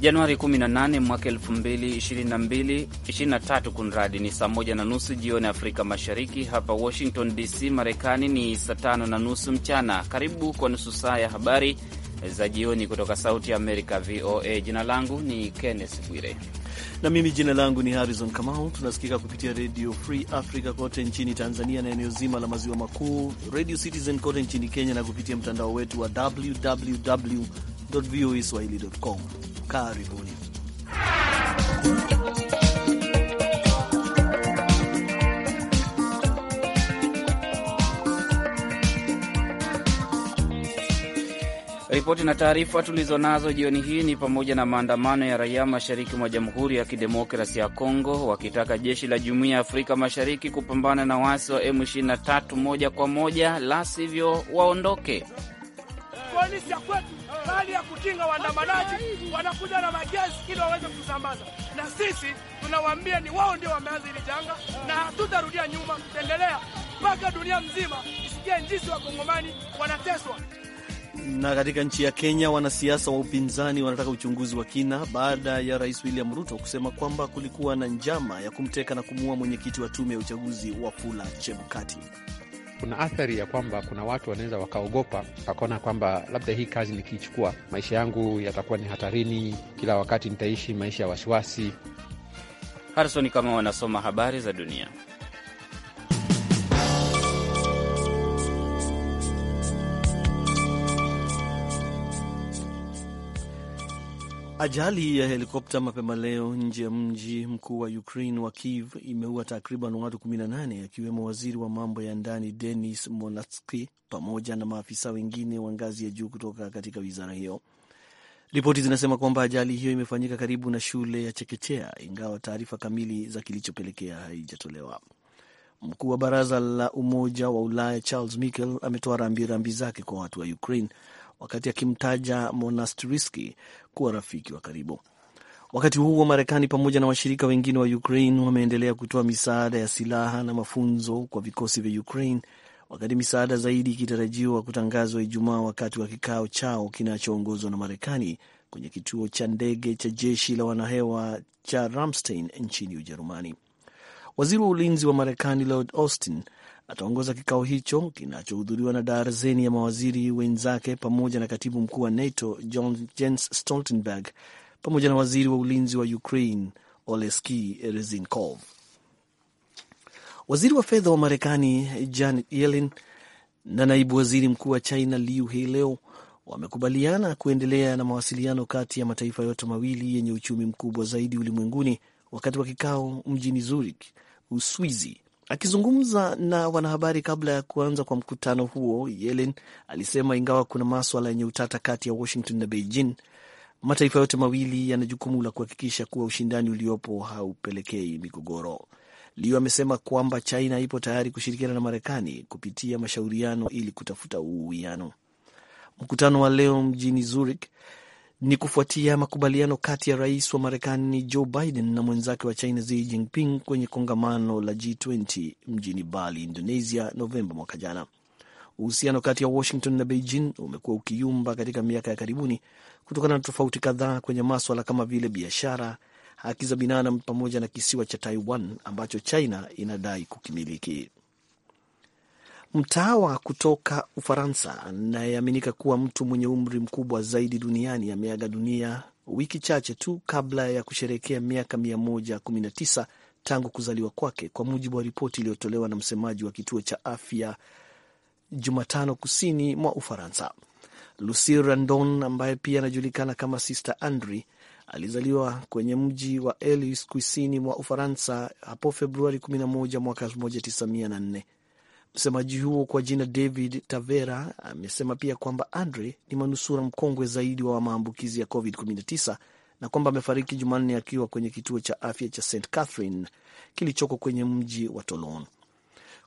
Januari 18 mwaka 2022, 23 kunradi ni saa moja na nusu jioni Afrika Mashariki. Hapa Washington DC, Marekani ni saa tano na nusu mchana. Karibu kwa nusu saa ya habari za jioni kutoka Sauti ya Amerika, VOA. Jina langu ni Kenneth Bwire na mimi jina langu ni Harrison Kamau. Tunasikika kupitia Redio Free Africa kote nchini Tanzania na eneo zima la maziwa makuu, Radio Citizen kote nchini Kenya na kupitia mtandao wetu wa www voa Karibuni. Ripoti na taarifa tulizonazo jioni hii ni pamoja na maandamano ya raia mashariki mwa Jamhuri ya Kidemokrasi ya Kongo wakitaka jeshi la Jumuiya ya Afrika Mashariki kupambana na waasi wa M23 moja kwa moja, la sivyo waondoke. Polisi ya kwetu kukinga waandamanaji, wanakuja na magesi ili waweze kusambaza, na sisi tunawaambia ni wao ndio wameanza hili janga, na hatutarudia nyuma, tutaendelea mpaka dunia mzima isikie njisi wakongomani wanateswa. Na katika nchi ya Kenya, wanasiasa wa upinzani wanataka uchunguzi wa kina baada ya Rais William Ruto kusema kwamba kulikuwa na njama ya kumteka na kumuua mwenyekiti wa tume ya uchaguzi Wafula Chebukati kuna athari ya kwamba kuna watu wanaweza wakaogopa, wakaona kwamba labda hii kazi nikiichukua, maisha yangu yatakuwa ni hatarini, kila wakati nitaishi maisha ya wasiwasi. Harison kama wanasoma habari za dunia. Ajali ya helikopta mapema leo nje ya mji mkuu wa Ukraine wa Kiev imeua takriban watu 18 akiwemo waziri wa mambo ya ndani Denis Monatski pamoja na maafisa wengine wa ngazi ya juu kutoka katika wizara hiyo. Ripoti zinasema kwamba ajali hiyo imefanyika karibu na shule ya chekechea, ingawa taarifa kamili za kilichopelekea haijatolewa. Mkuu wa baraza la Umoja wa Ulaya Charles Michel ametoa rambirambi zake kwa watu wa Ukraine wakati akimtaja Monastiriski kuwa rafiki wa karibu. Wakati huo Marekani pamoja na washirika wengine wa Ukraine wameendelea kutoa misaada ya silaha na mafunzo kwa vikosi vya Ukraine, wakati misaada zaidi ikitarajiwa kutangazwa Ijumaa wakati wa kikao chao kinachoongozwa na Marekani kwenye kituo cha ndege cha jeshi la wanahewa cha Ramstein nchini Ujerumani. Waziri wa ulinzi wa Marekani Lloyd Austin ataongoza kikao hicho kinachohudhuriwa na darzeni ya mawaziri wenzake pamoja na katibu mkuu wa NATO John Jens Stoltenberg pamoja na waziri wa ulinzi wa Ukraine Oleski Rezinkov. Waziri wa fedha wa Marekani Janet Yellen na naibu waziri mkuu wa China Liu hii leo wamekubaliana kuendelea na mawasiliano kati ya mataifa yote mawili yenye uchumi mkubwa zaidi ulimwenguni wakati wa kikao mjini Zurich, Uswizi. Akizungumza na wanahabari kabla ya kuanza kwa mkutano huo, Yellen alisema ingawa kuna maswala yenye utata kati ya Washington na Beijing, mataifa yote mawili yana jukumu la kuhakikisha kuwa ushindani uliopo haupelekei migogoro. Liu amesema kwamba China ipo tayari kushirikiana na Marekani kupitia mashauriano ili kutafuta uwiano. Mkutano wa leo mjini Zurich ni kufuatia makubaliano kati ya rais wa Marekani Joe Biden na mwenzake wa China Xi Jinping kwenye kongamano la G20 mjini Bali, Indonesia, Novemba mwaka jana. Uhusiano kati ya Washington na Beijing umekuwa ukiyumba katika miaka ya karibuni kutokana na tofauti kadhaa kwenye maswala kama vile biashara, haki za binadamu, pamoja na kisiwa cha Taiwan ambacho China inadai kukimiliki. Mtawa kutoka Ufaransa anayeaminika kuwa mtu mwenye umri mkubwa zaidi duniani ameaga dunia wiki chache tu kabla ya kusherehekea miaka 119 tangu kuzaliwa kwake, kwa mujibu wa ripoti iliyotolewa na msemaji wa kituo cha afya Jumatano kusini mwa Ufaransa. Lucille Randon ambaye pia anajulikana kama Sister andry alizaliwa kwenye mji wa Elis kusini mwa Ufaransa hapo Februari 11 mwaka 1904. Msemaji huo kwa jina David Tavera amesema pia kwamba Andre ni manusura mkongwe zaidi wa maambukizi ya COVID-19 na kwamba amefariki Jumanne akiwa kwenye kituo cha afya cha St Catherine kilichoko kwenye mji wa tolon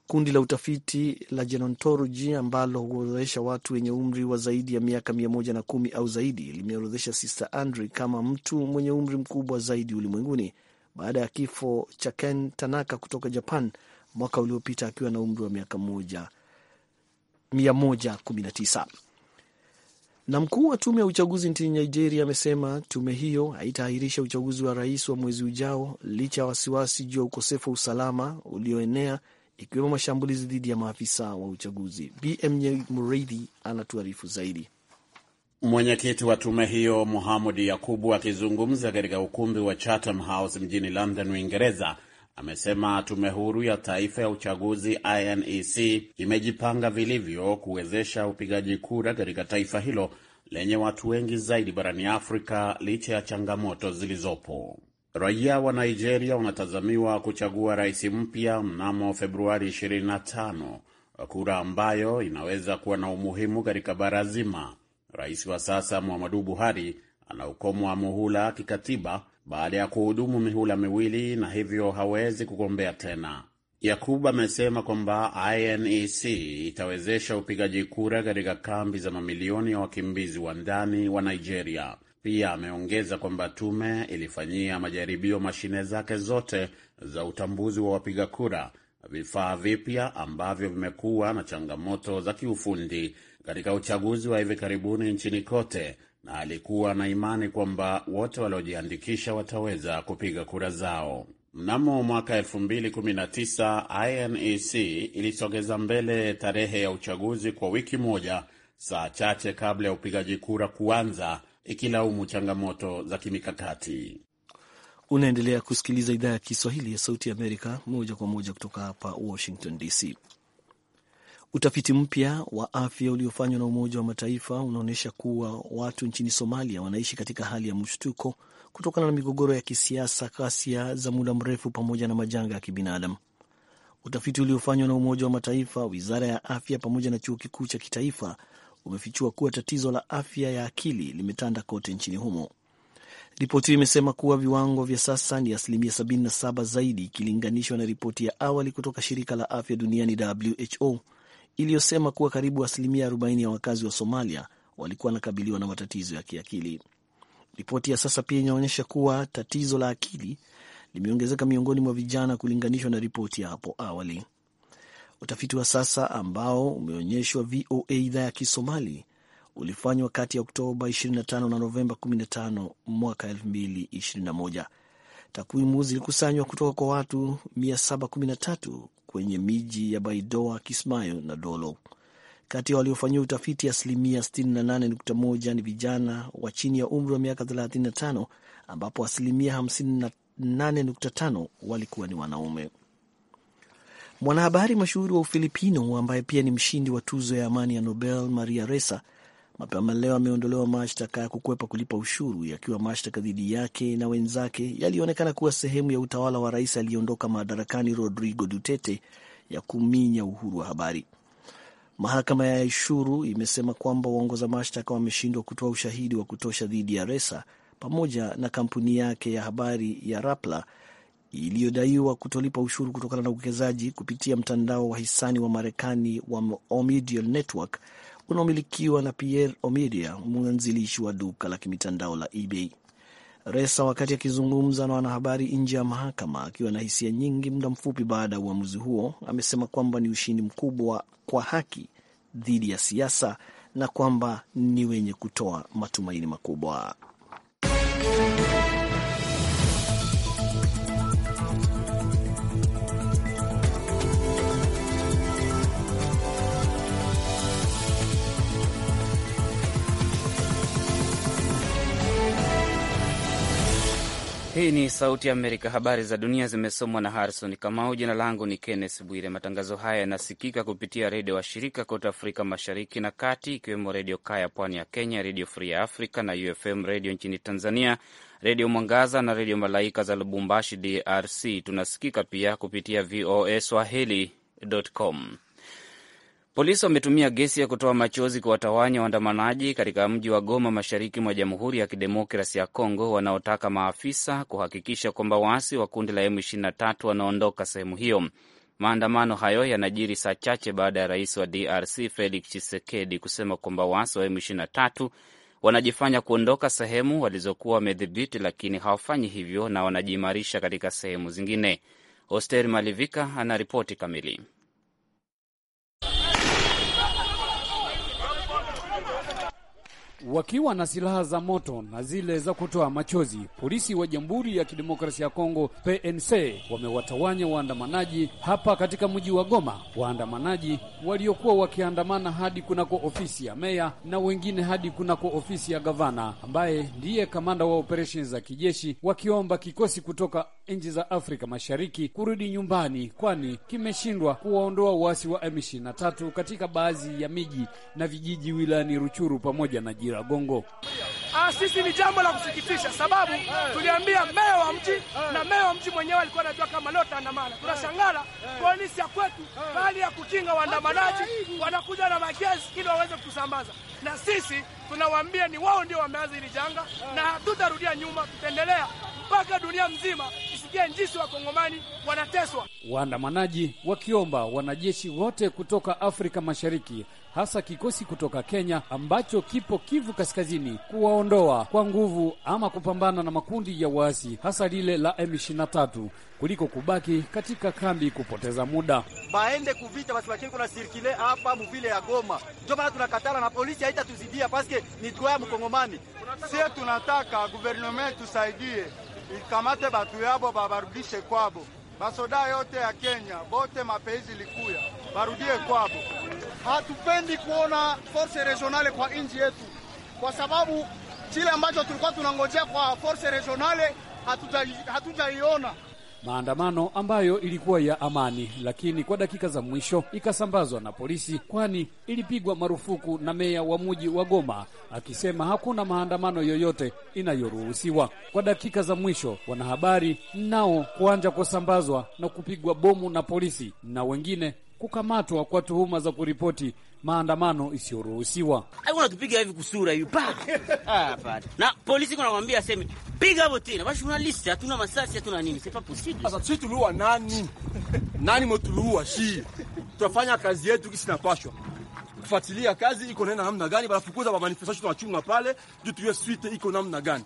Kundi la utafiti la Gerontology ambalo huorodhesha watu wenye umri wa zaidi ya miaka mia moja na kumi au zaidi limeorodhesha Sister Andre kama mtu mwenye umri mkubwa zaidi ulimwenguni baada ya kifo cha Ken Tanaka kutoka Japan mwaka uliopita akiwa na umri wa miaka 119. Na mkuu wa tume ya uchaguzi nchini Nigeria amesema tume hiyo haitaahirisha uchaguzi wa rais wa mwezi ujao licha ya wasiwasi juu ya ukosefu wa usalama ulioenea ikiwemo mashambulizi dhidi ya maafisa wa uchaguzi. BM Mureithi anatuarifu zaidi. Mwenyekiti wa tume hiyo Muhamud Yakubu akizungumza katika ukumbi wa Chatham House mjini London, Uingereza, amesema tume huru ya taifa ya uchaguzi INEC imejipanga vilivyo kuwezesha upigaji kura katika taifa hilo lenye watu wengi zaidi barani Afrika licha ya changamoto zilizopo. Raia wa Nigeria wanatazamiwa kuchagua rais mpya mnamo Februari 25, kura ambayo inaweza kuwa na umuhimu katika bara zima. Rais wa sasa Muhammadu Buhari ana ukomo wa muhula kikatiba baada ya kuhudumu mihula miwili na hivyo hawezi kugombea tena. Yakub amesema kwamba INEC itawezesha upigaji kura katika kambi za mamilioni ya wakimbizi wa ndani wa Nigeria. Pia ameongeza kwamba tume ilifanyia majaribio mashine zake zote za utambuzi wa wapiga kura, vifaa vipya ambavyo vimekuwa na changamoto za kiufundi katika uchaguzi wa hivi karibuni nchini kote na alikuwa na imani kwamba wote waliojiandikisha wataweza kupiga kura zao. Mnamo mwaka 2019 INEC ilisogeza mbele tarehe ya uchaguzi kwa wiki moja, saa chache kabla ya upigaji kura kuanza, ikilaumu changamoto za kimikakati. Unaendelea kusikiliza idhaa ya Kiswahili ya Sauti ya Amerika moja kwa moja kutoka hapa Washington DC. Utafiti mpya wa afya uliofanywa na Umoja wa Mataifa unaonyesha kuwa watu nchini Somalia wanaishi katika hali ya mshtuko kutokana na migogoro ya kisiasa, ghasia za muda mrefu, pamoja na majanga ya kibinadamu. Utafiti uliofanywa na Umoja wa Mataifa, wizara ya afya pamoja na chuo kikuu cha kitaifa umefichua kuwa tatizo la afya ya akili limetanda kote nchini humo. Ripoti hiyo imesema kuwa viwango vya sasa ni asilimia 77 zaidi ikilinganishwa na ripoti ya awali kutoka shirika la afya duniani WHO iliyosema kuwa karibu asilimia 40 ya wakazi wa Somalia walikuwa wanakabiliwa na matatizo ya kiakili. Ripoti ya sasa pia inaonyesha kuwa tatizo la akili limeongezeka miongoni mwa vijana kulinganishwa na ripoti ya hapo awali. Utafiti wa sasa ambao umeonyeshwa VOA idhaa ya Kisomali ulifanywa kati ya Oktoba 25 na Novemba 15 mwaka 2021. Takwimu zilikusanywa kutoka kwa watu 713 kwenye miji ya Baidoa, Kismayo na Dolo. Kati ya waliofanyia utafiti, asilimia 68.1 ni vijana wa chini ya umri wa miaka 35, ambapo asilimia 58.5 walikuwa ni wanaume. Mwanahabari mashuhuri wa Ufilipino ambaye pia ni mshindi wa tuzo ya amani ya Nobel, Maria Ressa mapema leo ameondolewa mashtaka ya kukwepa kulipa ushuru, yakiwa mashtaka dhidi yake na wenzake yalionekana kuwa sehemu ya utawala wa rais aliyeondoka madarakani Rodrigo Duterte ya kuminya uhuru wa habari. Mahakama ya ushuru imesema kwamba waongoza mashtaka wameshindwa kutoa ushahidi wa kutosha dhidi ya Resa pamoja na kampuni yake ya habari ya Rapla iliyodaiwa kutolipa ushuru kutokana na uwekezaji kupitia mtandao wa hisani wa Marekani wa Omidyar Network unaomilikiwa na Pierre Omidyar, mwanzilishi wa duka la kimitandao la eBay. Resa wakati akizungumza na wanahabari nje ya mahakama akiwa na hisia nyingi muda mfupi baada ya uamuzi huo, amesema kwamba ni ushindi mkubwa kwa haki dhidi ya siasa na kwamba ni wenye kutoa matumaini makubwa. Hii ni Sauti ya Amerika. Habari za dunia zimesomwa na Harrison Kamau. Jina langu ni Kenneth Bwire. Matangazo haya yanasikika kupitia redio washirika kote Afrika Mashariki na Kati, ikiwemo Redio Kaya pwani ya Kenya, Redio Free ya Afrika na UFM Redio nchini Tanzania, Redio Mwangaza na Redio Malaika za Lubumbashi, DRC. Tunasikika pia kupitia VOA swahili.com. Polisi wametumia gesi ya kutoa machozi kuwatawanya waandamanaji katika mji wa Goma, mashariki mwa Jamhuri ya Kidemokrasi ya Kongo, wanaotaka maafisa kuhakikisha kwamba waasi wa kundi la M23 wanaondoka sehemu hiyo. Maandamano hayo yanajiri saa chache baada ya rais wa DRC Felix Tshisekedi kusema kwamba waasi wa M23 wanajifanya kuondoka sehemu walizokuwa wamedhibiti, lakini hawafanyi hivyo na wanajiimarisha katika sehemu zingine. Oster Malivika anaripoti kamili. wakiwa na silaha za moto na zile za kutoa machozi. Polisi wa Jamhuri ya Kidemokrasia ya Kongo PNC wamewatawanya waandamanaji hapa katika mji wa Goma, waandamanaji waliokuwa wakiandamana hadi kunako ofisi ya meya na wengine hadi kunako ofisi ya gavana ambaye ndiye kamanda wa operesheni za kijeshi, wakiomba kikosi kutoka nchi za Afrika Mashariki kurudi nyumbani, kwani kimeshindwa kuwaondoa uasi wa M23 katika baadhi ya miji na vijiji wilayani Ruchuru pamoja na Jiragongo. Ah, sisi ni jambo la kusikitisha, sababu tuliambia meya wa mji na meya wa mji mwenyewe alikuwa anajua kama leo taandamana. Tunashangala polisi ya kwetu, bali ya kukinga waandamanaji, wanakuja na magezi ili waweze kusambaza, na sisi tunawaambia ni wao ndio wameanza hili janga, na hatutarudia nyuma, tutaendelea mpaka dunia mzima isikie njisi wakongomani wanateswa. Waandamanaji wakiomba wanajeshi wote kutoka Afrika Mashariki hasa kikosi kutoka Kenya ambacho kipo Kivu Kaskazini kuwaondoa kwa nguvu ama kupambana na makundi ya waasi hasa lile la M23 kuliko kubaki katika kambi kupoteza muda. Baende kuvita basi, lakini kuna sirkile hapa muvile ya Goma, ndio maana tunakatala na polisi haitatuzidia paske ni ya mkongomani. Sie tunataka guvernema tusaidie ikamate batu yabo babarudishe kwabo, basoda yote ya Kenya bote mapeizi likuya barudie kwabo hatupendi kuona force regionale kwa nchi yetu, kwa sababu kile ambacho tulikuwa tunangojea kwa force regionale hatutaiona. Maandamano ambayo ilikuwa ya amani, lakini kwa dakika za mwisho ikasambazwa na polisi, kwani ilipigwa marufuku na meya wa mji wa Goma akisema hakuna maandamano yoyote inayoruhusiwa. Kwa dakika za mwisho, wanahabari nao kuanja kusambazwa na kupigwa bomu na polisi na wengine kukamatwa kwa tuhuma za kuripoti maandamano isiyoruhusiwa. Unakipiga hivi kusura hivi ah, na polisi kunakwambia aseme piga hapo tena, basi una journalist, hatuna masasi, hatuna nini, c'est pas Sasa sisi tuliua nani? Nani mtuluua? Shi tunafanya kazi yetu kisi napashwa kufuatilia kazi iko nena namna gani, banafukuza ba manifestation tunachunga pale juu tuwe suite iko namna gani,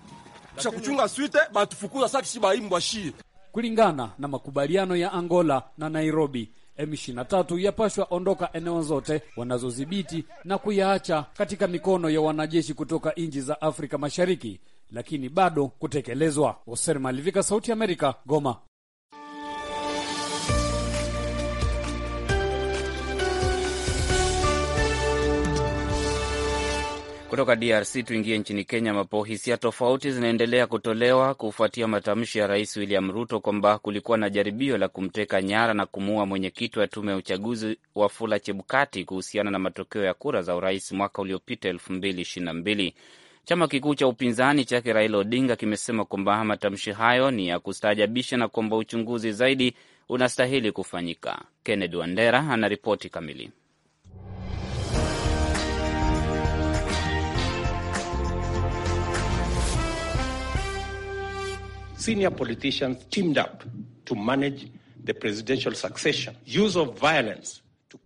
kisha kuchunga suite batufukuza sasa baimbwa shi kulingana na makubaliano ya Angola na Nairobi M23 yapashwa ondoka eneo zote wanazodhibiti na kuyaacha katika mikono ya wanajeshi kutoka nchi za Afrika Mashariki, lakini bado kutekelezwa. Oser Malivika, Sauti ya Amerika, Goma. Kutoka DRC tuingie nchini Kenya, ambapo hisia tofauti zinaendelea kutolewa kufuatia matamshi ya Rais William Ruto kwamba kulikuwa na jaribio la kumteka nyara na kumuua mwenyekiti wa tume ya uchaguzi Wafula Chebukati kuhusiana na matokeo ya kura za urais mwaka uliopita 2022. Chama kikuu cha upinzani chake Raila Odinga kimesema kwamba matamshi hayo ni ya kustaajabisha na kwamba uchunguzi zaidi unastahili kufanyika. Kennedy Wandera anaripoti kamili. senior politicians teamed up to manage the presidential succession. Use of violence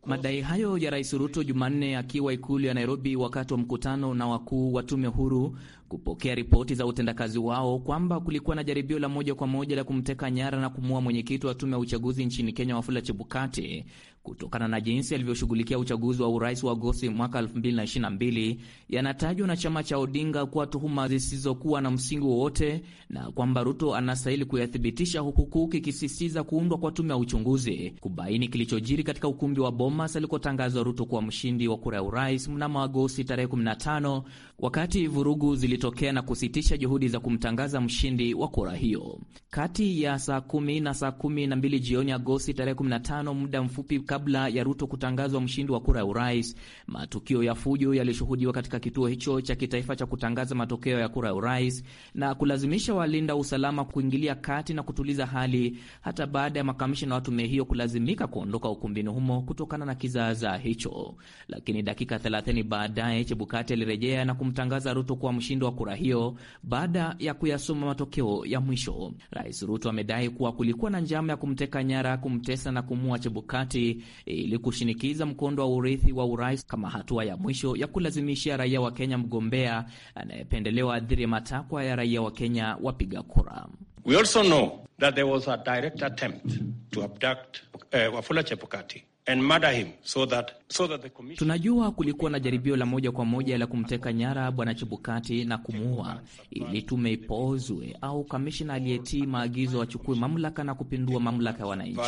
Madai hayo ya Rais Ruto Jumanne akiwa ikulu ya Nairobi wakati wa mkutano na wakuu wa tume huru kupokea ripoti za utendakazi wao kwamba kulikuwa na jaribio la moja kwa moja la kumteka nyara na kumuua mwenyekiti wa tume ya uchaguzi nchini Kenya Wafula Chebukati kutokana na jinsi alivyoshughulikia uchaguzi wa urais wa Agosti mwaka 2022 yanatajwa na chama cha Odinga kuwa tuhuma zisizokuwa na msingi wowote na kwamba Ruto anastahili kuyathibitisha, huku kuu kikisisitiza kuundwa kwa tume ya uchunguzi kubaini kilichojiri katika ukumbi wa Bomas alikotangazwa Ruto kuwa mshindi wa kura ya urais mnamo Agosti tarehe 15 wakati vurugu zili ilitokea na kusitisha juhudi za kumtangaza mshindi wa kura hiyo. Kati ya saa kumi na saa kumi na mbili jioni Agosti tarehe 15, muda mfupi kabla ya Ruto kutangazwa mshindi wa kura ya urais, matukio ya fujo yalishuhudiwa katika kituo hicho cha kitaifa cha kutangaza matokeo ya kura ya urais na kulazimisha walinda usalama kuingilia kati na kutuliza hali, hata baada ya makamishina wa tume hiyo kulazimika kuondoka ukumbini humo kutokana na kizaazaa hicho. Lakini dakika 30 baadaye Chebukati alirejea na kumtangaza Ruto kuwa mshindi kuondoa kura hiyo baada ya kuyasoma matokeo ya mwisho. Rais Ruto amedai kuwa kulikuwa na njama ya kumteka nyara, kumtesa na kumua Chebukati ili kushinikiza mkondo wa urithi wa urais kama hatua ya mwisho ya kulazimisha raia wa Kenya mgombea anayependelewa adhiri matakwa ya raia wa Kenya wapiga kura. We also know that there was a direct attempt to abduct, uh, Wafula Chebukati and murder him so that, so that the commission... Tunajua kulikuwa na jaribio la moja kwa moja la kumteka nyara Bwana Chebukati na kumuua, ili tume ipoozwe au kamishina aliyetii maagizo achukue mamlaka na kupindua mamlaka ya wananchi.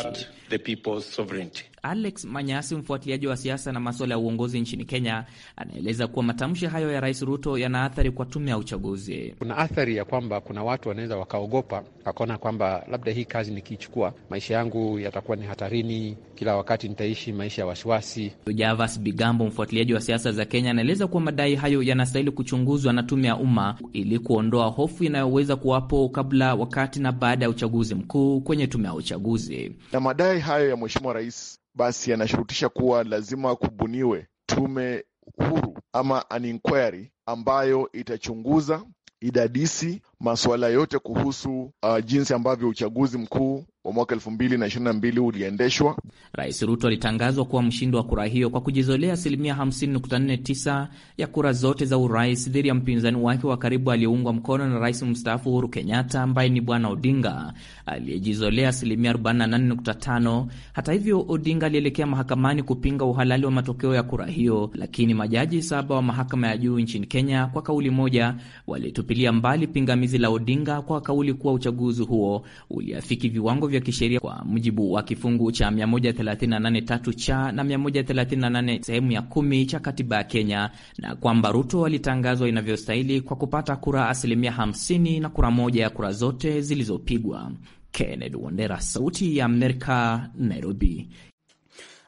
Alex Manyasi, mfuatiliaji wa siasa na maswala ya uongozi nchini Kenya, anaeleza kuwa matamshi hayo ya Rais Ruto yana athari kwa tume ya uchaguzi. Kuna athari ya kwamba kuna watu wanaweza wakaogopa, wakaona kwamba labda hii kazi nikiichukua, maisha yangu yatakuwa ni hatarini, kila wakati nita wanaishi maisha ya wasiwasi. Javas Bigambo, mfuatiliaji wa siasa za Kenya, anaeleza kuwa madai hayo yanastahili kuchunguzwa na tume ya umma ili kuondoa hofu inayoweza kuwapo kabla, wakati na baada ya uchaguzi mkuu kwenye tume ya uchaguzi. Na madai hayo ya mheshimiwa rais basi yanashurutisha kuwa lazima kubuniwe tume huru ama an inquiry ambayo itachunguza idadisi masuala yote kuhusu uh, jinsi ambavyo uchaguzi mkuu wa mwaka elfu mbili na ishirini na mbili uliendeshwa. Rais Ruto alitangazwa kuwa mshindi wa kura hiyo kwa kujizolea asilimia 50.49 ya kura zote za urais dhidi ya mpinzani wake wa karibu aliyeungwa mkono na rais mstaafu Uhuru Kenyatta ambaye ni Bwana Odinga aliyejizolea asilimia 48.5. Hata hivyo, Odinga alielekea mahakamani kupinga uhalali wa matokeo ya kura hiyo, lakini majaji saba wa mahakama ya juu nchini Kenya kwa kauli moja walitupilia mbali pingamizi zoezi la Odinga kwa kauli kuwa uchaguzi huo uliafiki viwango vya kisheria kwa mujibu wa kifungu cha 138.3 cha na 138 sehemu ya kumi cha katiba ya Kenya, na kwamba Ruto alitangazwa inavyostahili kwa kupata kura asilimia 50 na kura moja ya kura zote zilizopigwa. Kennedy Wandera, Sauti ya Amerika, Nairobi.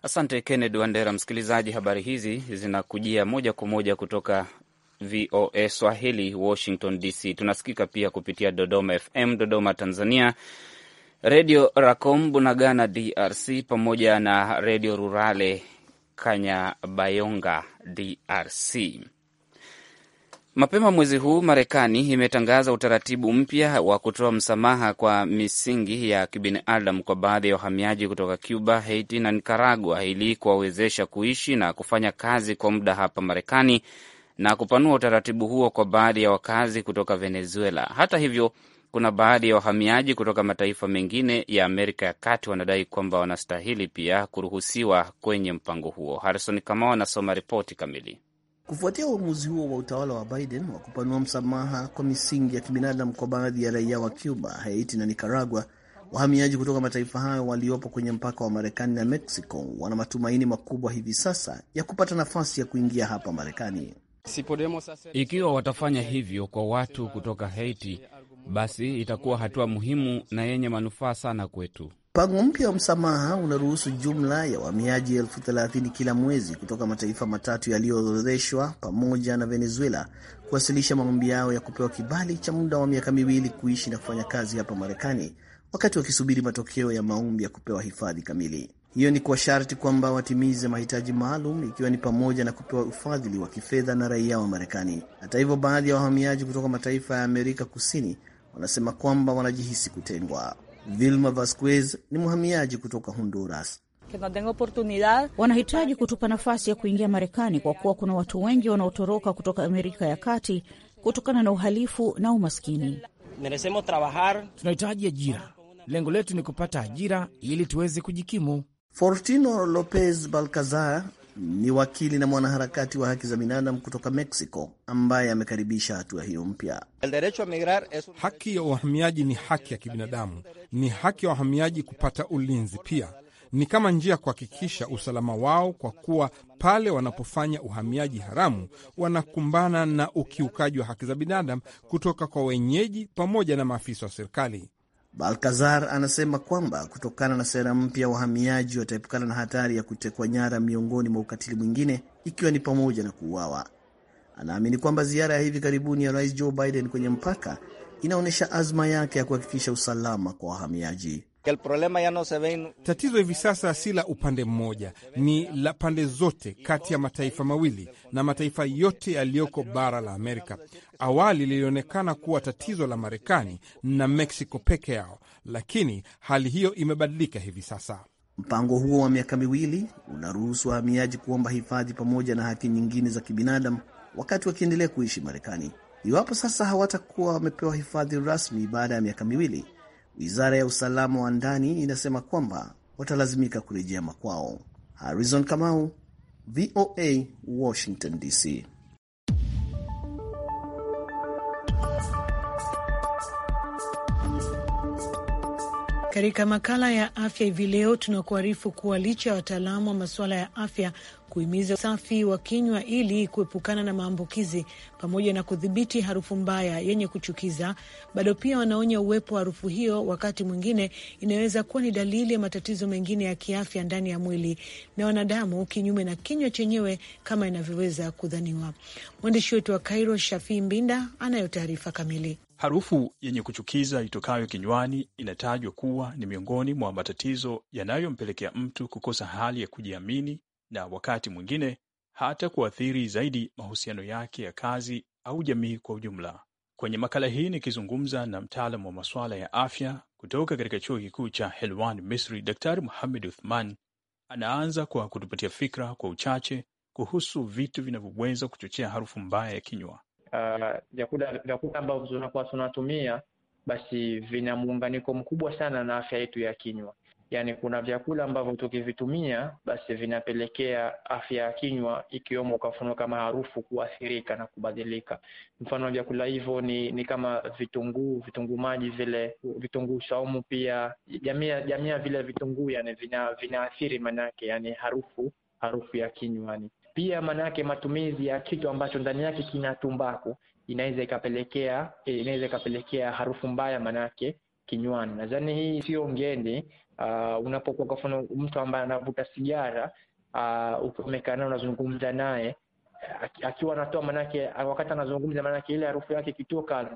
Asante Kennedy Wandera. Msikilizaji, habari hizi zinakujia moja kwa moja kutoka VOA Swahili, Washington DC. Tunasikika pia kupitia Dodoma FM Dodoma, Tanzania, Redio Racom Bunagana, DRC, pamoja na Redio Rurale Kanyabayonga, DRC. Mapema mwezi huu Marekani imetangaza utaratibu mpya wa kutoa msamaha kwa misingi ya kibinadamu kwa baadhi ya wahamiaji kutoka Cuba, Haiti na Nicaragua ili kuwawezesha kuishi na kufanya kazi kwa muda hapa Marekani na kupanua utaratibu huo kwa baadhi ya wakazi kutoka Venezuela. Hata hivyo, kuna baadhi ya wahamiaji kutoka mataifa mengine ya Amerika ya Kati wanadai kwamba wanastahili pia kuruhusiwa kwenye mpango huo. Harrison Kamau anasoma ripoti kamili. Kufuatia uamuzi huo wa utawala wa Biden wa kupanua msamaha kwa misingi ya kibinadamu kwa baadhi ya raia wa Cuba, Haiti na Nicaragua, wahamiaji kutoka mataifa hayo waliopo kwenye mpaka wa Marekani na Mexico wana matumaini makubwa hivi sasa ya kupata nafasi ya kuingia hapa Marekani. Ikiwa watafanya hivyo kwa watu kutoka Haiti, basi itakuwa hatua muhimu na yenye manufaa sana kwetu. Mpango mpya wa msamaha unaruhusu jumla ya wahamiaji elfu thelathini kila mwezi kutoka mataifa matatu yaliyoorodheshwa pamoja na Venezuela kuwasilisha maombi yao ya kupewa kibali cha muda wa miaka miwili kuishi na kufanya kazi hapa Marekani, wakati wakisubiri matokeo ya maombi ya kupewa hifadhi kamili. Hiyo ni kwa sharti kwamba watimize mahitaji maalum, ikiwa ni pamoja na kupewa ufadhili wa kifedha na raia wa Marekani. Hata hivyo, baadhi ya wahamiaji kutoka mataifa ya Amerika Kusini wanasema kwamba wanajihisi kutengwa. Vilma Vasquez ni mhamiaji kutoka Honduras. Wanahitaji kutupa nafasi ya kuingia Marekani kwa kuwa kuna watu wengi wanaotoroka kutoka Amerika ya Kati kutokana na uhalifu na umaskini. Tunahitaji ajira. Lengo letu ni kupata ajira ili tuweze kujikimu. Fortino Lopez Balcazar ni wakili na mwanaharakati wa haki za binadamu kutoka Mexico ambaye amekaribisha hatua hiyo mpya. Haki ya wahamiaji ni haki ya kibinadamu, ni haki ya wahamiaji kupata ulinzi. Pia ni kama njia ya kuhakikisha usalama wao, kwa kuwa pale wanapofanya uhamiaji haramu wanakumbana na ukiukaji wa haki za binadamu kutoka kwa wenyeji pamoja na maafisa wa serikali. Balkazar anasema kwamba kutokana na sera mpya, wahamiaji wataepukana na hatari ya kutekwa nyara, miongoni mwa ukatili mwingine, ikiwa ni pamoja na kuuawa. Anaamini kwamba ziara ya hivi karibuni ya Rais Joe Biden kwenye mpaka inaonyesha azma yake ya kuhakikisha usalama kwa wahamiaji. Tatizo hivi sasa si la upande mmoja, ni la pande zote kati ya mataifa mawili na mataifa yote yaliyoko bara la Amerika. Awali lilionekana kuwa tatizo la Marekani na Meksiko peke yao, lakini hali hiyo imebadilika hivi sasa. Mpango huo wa miaka miwili unaruhusu wahamiaji kuomba hifadhi pamoja na haki nyingine za kibinadamu wakati wakiendelea kuishi Marekani. Iwapo sasa hawatakuwa wamepewa hifadhi rasmi baada ya miaka miwili Wizara ya usalama wa ndani inasema kwamba watalazimika kurejea makwao. Harrison Kamau, VOA, Washington DC. Katika makala ya afya hivi leo tunakuarifu kuwa licha ya wataalamu wa masuala ya afya kuhimiza usafi wa kinywa ili kuepukana na maambukizi pamoja na kudhibiti harufu mbaya yenye kuchukiza. Bado pia wanaonya uwepo wa harufu hiyo wakati mwingine inaweza kuwa ni dalili ya matatizo mengine ya kiafya ndani ya mwili na wanadamu, kinyume na kinywa chenyewe kama inavyoweza kudhaniwa. Mwandishi wetu wa Kairo, Shafii Mbinda, anayo taarifa kamili. Harufu yenye kuchukiza itokayo kinywani inatajwa kuwa ni miongoni mwa matatizo yanayompelekea mtu kukosa hali ya kujiamini na wakati mwingine hata kuathiri zaidi mahusiano yake ya kazi au jamii kwa ujumla. Kwenye makala hii nikizungumza na mtaalam wa masuala ya afya kutoka katika chuo kikuu cha Helwan, Misri, Daktari Muhamed Uthman anaanza kwa kutupatia fikra kwa uchache kuhusu vitu vinavyoweza kuchochea harufu mbaya ya kinywa. Ah, vyakula uh, ambavyo tunakuwa tunatumia basi vina muunganiko mkubwa sana na afya yetu ya kinywa. Yaani kuna vyakula ambavyo tukivitumia basi vinapelekea afya ya kinywa ikiwemo kwa mfano kama harufu kuathirika na kubadilika. Mfano vyakula hivyo ni, ni kama vitunguu, vitunguu maji vile, vitunguu saumu pia, jamii ya vile vitunguu yani vina vinaathiri yani harufu harufu ya kinywani. Pia manake matumizi ya kitu ambacho ndani yake kina tumbaku inaweza ikapelekea inaweza ikapelekea harufu mbaya manake kinywani. Nadhani hii sio ngeni uh, unapokuwa kwa mfano mtu ambaye anavuta sigara uh, ah, ukiwa unazungumza naye akiwa anatoa manake, wakati anazungumza manake ile harufu yake ikitoka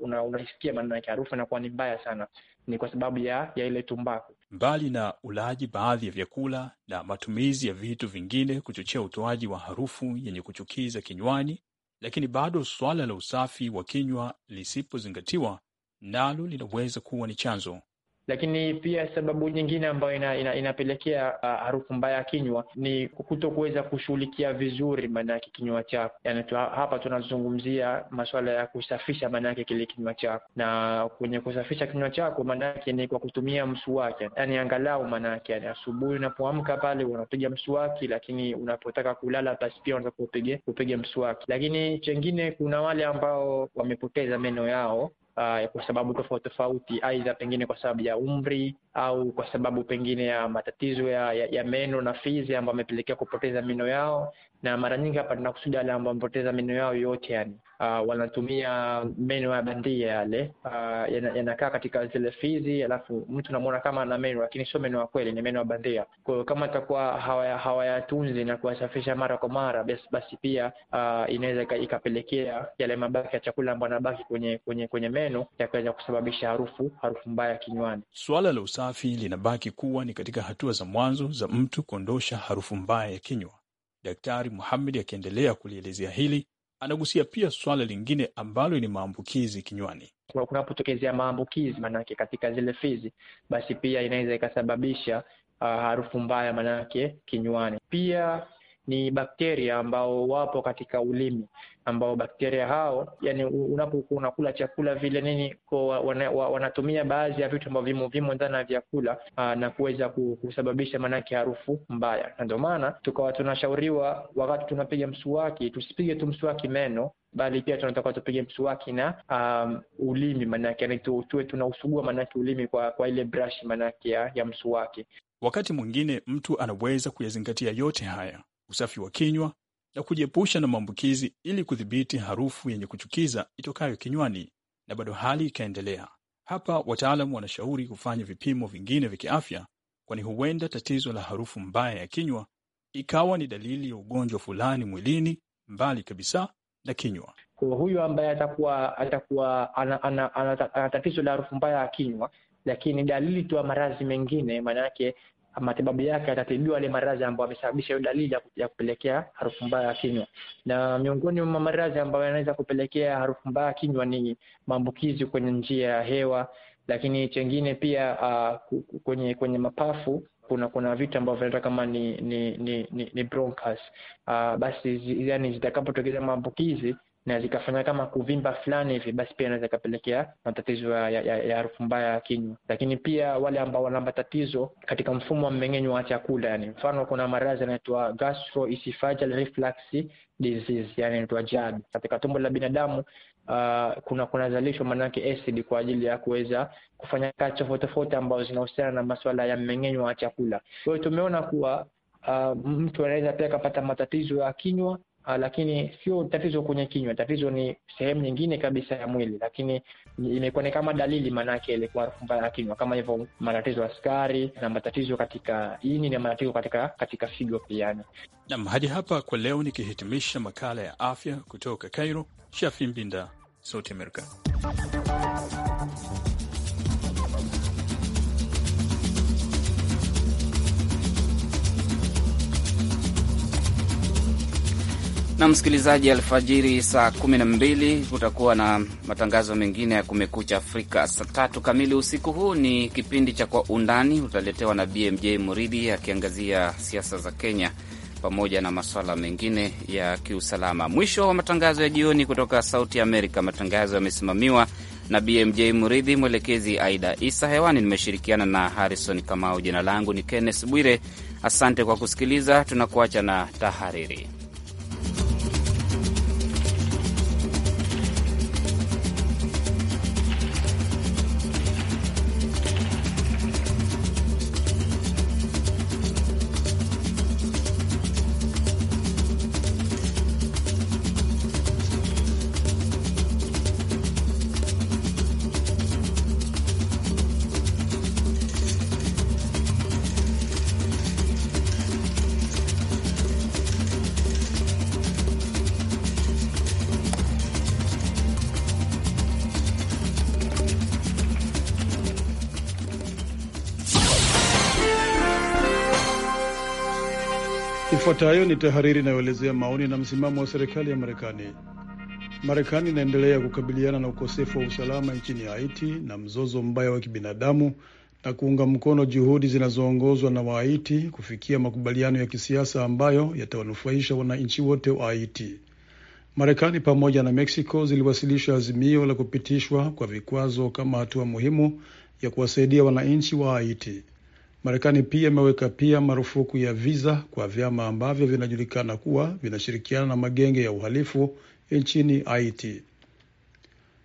unaisikia una, una manake harufu inakuwa ni mbaya sana, ni kwa sababu ya, ya ile tumbaku. Mbali na ulaji baadhi ya vyakula na matumizi ya vitu vingine kuchochea utoaji wa harufu yenye kuchukiza kinywani, lakini bado swala la usafi wa kinywa lisipozingatiwa nalo linaweza kuwa ni chanzo lakini pia sababu nyingine ambayo ina, ina, inapelekea uh, harufu mbaya ya kinywa ni kuto kuweza kushughulikia vizuri maana yake kinywa chako. Yani tu, hapa tunazungumzia masuala ya kusafisha maana yake kile kinywa chako, na kwenye kusafisha kinywa chako maana yake ni kwa kutumia mswaki, yani angalau maana yake yani asubuhi unapoamka pale unapiga mswaki, lakini unapotaka kulala basi pia unataka upige mswaki. Lakini chengine, kuna wale ambao wamepoteza meno yao uh, kwa sababu tofauti tofauti, aidha pengine kwa sababu ya umri au kwa sababu pengine ya matatizo ya, ya, ya meno na fizi ambayo amepelekea kupoteza meno yao na mara nyingi hapa tunakusudia wale ambao wamepoteza meno yao yote yani. Uh, wanatumia meno ya bandia yale, uh, yanakaa katika zile fizi, alafu mtu namwona kama ana meno, lakini sio meno ya kweli, ni meno ya bandia. Kwa kama atakuwa hawayatunzi hawaya na kuwasafisha mara kwa mara, basi, basi pia uh, inaweza ikapelekea yale mabaki ya chakula ambayo anabaki kwenye, kwenye, kwenye meno yakaweza kusababisha harufu harufu mbaya kinywani. Suala la usafi linabaki kuwa ni katika hatua za mwanzo za mtu kuondosha harufu mbaya ya kinywa. Daktari muhamedi akiendelea kulielezea hili, anagusia pia swala lingine ambalo ni maambukizi kinywani. Kunapotokezea maambukizi manake katika zile fizi, basi pia inaweza ikasababisha uh, harufu mbaya manake kinywani. Pia ni bakteria ambao wapo katika ulimi ambao bakteria hao yani, unapokuwa unakula chakula vile nini kwa wanatumia baadhi ya vitu ambavyo vimo ndani ya vyakula ah, na kuweza kusababisha manake harufu mbaya, na ndio maana tukawa tunashauriwa wakati tunapiga mswaki tusipige tu mswaki meno bali pia tunatakiwa tupige mswaki na um, ulimi manake yani tuwe tunausugua manake ulimi kwa, kwa ile brush manake ya, ya mswaki. Wakati mwingine mtu anaweza kuyazingatia yote haya: usafi wa kinywa, na kujiepusha na maambukizi ili kudhibiti harufu yenye kuchukiza itokayo kinywani, na bado hali ikaendelea. Hapa wataalam wanashauri kufanya vipimo vingine vya kiafya, kwani huenda tatizo la harufu mbaya ya kinywa ikawa ni dalili ya ugonjwa fulani mwilini mbali kabisa na kinywa. Kwa huyu ambaye atakuwa atakuwa ana, ana, ana, ana tatizo la harufu mbaya ya kinywa, lakini dalili tu ya maradhi mengine, maana matibabu yake atatibiwa yale maradhi ambayo amesababisha hiyo dalili ya kupelekea harufu mbaya ya kinywa. Na miongoni mwa maradhi ambayo yanaweza kupelekea harufu mbaya ya kinywa ni maambukizi kwenye njia ya hewa, lakini chengine pia uh, kwenye kwenye mapafu kuna kuna vitu ambavyo vinaitwa kama ni ni ni, ni, ni bronchus. Uh, basi zi, yani zitakapotokeza maambukizi na zikafanya kama kuvimba fulani hivi, basi pia inaweza ikapelekea matatizo ya harufu mbaya ya kinywa. Lakini pia wale ambao wana matatizo katika mfumo wa mmeng'enyo wa chakula, yani mfano kuna maradhi yanaitwa gastroesophageal reflux disease, yani inaitwa GERD. Katika tumbo la binadamu uh, kuna kunazalishwa maanake acid kwa ajili ya kuweza kufanya kazi tofauti tofauti ambazo zinahusiana na masuala ya mmeng'enyo wa chakula. Kwa hiyo tumeona kuwa uh, mtu anaweza pia akapata matatizo ya kinywa Ah, lakini sio tatizo kwenye kinywa, tatizo ni sehemu nyingine kabisa ya mwili, lakini imekuwa ni kama dalili, maanake ile kwa harufu mbaya ya kinywa, kama hivyo matatizo ya sukari na matatizo katika ini na matatizo katika katika figo pia. Naam, hadi hapa kwa leo, nikihitimisha makala ya afya kutoka Cairo, Shafi Mbinda, Sauti Amerika. na msikilizaji, alfajiri saa 12 kutakuwa na matangazo mengine ya Kumekucha Afrika. Saa tatu kamili usiku huu ni kipindi cha Kwa Undani, utaletewa na BMJ Muridhi akiangazia siasa za Kenya pamoja na masuala mengine ya kiusalama. Mwisho wa matangazo ya jioni kutoka Sauti Amerika. Matangazo yamesimamiwa na BMJ Muridhi, mwelekezi Aida Isa. Hewani nimeshirikiana na Harrison Kamau. Jina langu ni Kenneth Bwire. Asante kwa kusikiliza. Tunakuacha na tahariri. Ifuatayo ni tahariri inayoelezea maoni na msimamo wa serikali ya Marekani. Marekani inaendelea kukabiliana na ukosefu wa usalama nchini Haiti na mzozo mbaya wa kibinadamu na kuunga mkono juhudi zinazoongozwa na Wahaiti kufikia makubaliano ya kisiasa ambayo yatawanufaisha wananchi wote wa Haiti. Marekani pamoja na Meksiko ziliwasilisha azimio la kupitishwa kwa vikwazo kama hatua muhimu ya kuwasaidia wananchi wa Haiti. Marekani pia imeweka pia marufuku ya viza kwa vyama ambavyo vinajulikana kuwa vinashirikiana na magenge ya uhalifu nchini Haiti.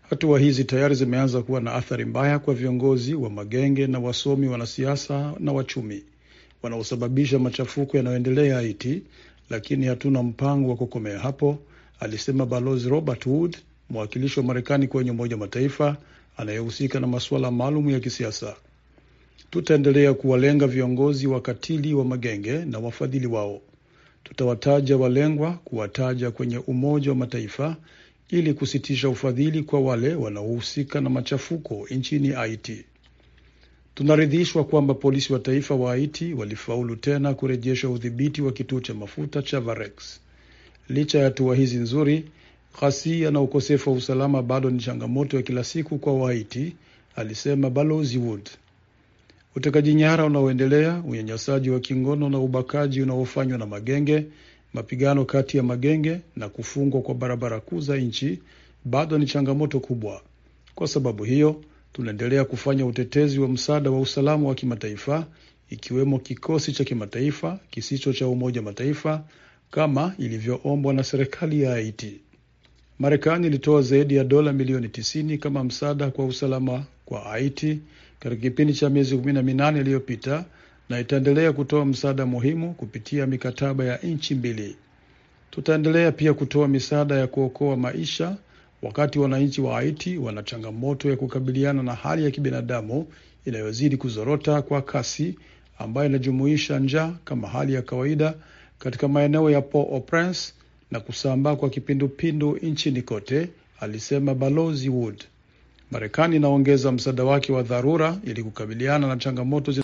Hatua hizi tayari zimeanza kuwa na athari mbaya kwa viongozi wa magenge na wasomi, wanasiasa na wachumi wanaosababisha machafuko yanayoendelea Haiti, lakini hatuna mpango wa kukomea hapo, alisema Balozi Robert Wood, mwakilishi wa Marekani kwenye Umoja Mataifa anayehusika na masuala maalum ya kisiasa. Tutaendelea kuwalenga viongozi wakatili wa magenge na wafadhili wao. Tutawataja walengwa, kuwataja kwenye Umoja wa Mataifa ili kusitisha ufadhili kwa wale wanaohusika na machafuko nchini Haiti. Tunaridhishwa kwamba polisi wa taifa wa Haiti walifaulu tena kurejesha udhibiti wa kituo cha mafuta cha Varex. Licha ya hatua hizi nzuri, ghasia na ukosefu wa usalama bado ni changamoto ya kila siku kwa Wahaiti, alisema Balozi Wood utekaji nyara unaoendelea, unyanyasaji wa kingono na ubakaji unaofanywa na magenge, mapigano kati ya magenge na kufungwa kwa barabara kuu za nchi bado ni changamoto kubwa. Kwa sababu hiyo, tunaendelea kufanya utetezi wa msaada wa usalama wa kimataifa, ikiwemo kikosi cha kimataifa kisicho cha Umoja Mataifa kama ilivyoombwa na serikali ya Haiti. Marekani ilitoa zaidi ya dola milioni 90 kama msaada kwa usalama kwa Haiti katika kipindi cha miezi kumi na minane iliyopita na itaendelea kutoa msaada muhimu kupitia mikataba ya nchi mbili. Tutaendelea pia kutoa misaada ya kuokoa maisha wakati wananchi wa Haiti wana changamoto ya kukabiliana na hali ya kibinadamu inayozidi kuzorota kwa kasi ambayo inajumuisha njaa kama hali ya kawaida katika maeneo ya Port-au-Prince na kusambaa kwa kipindupindu nchini kote, alisema Balozi Wood. Marekani inaongeza msaada wake wa dharura ili kukabiliana na changamoto zi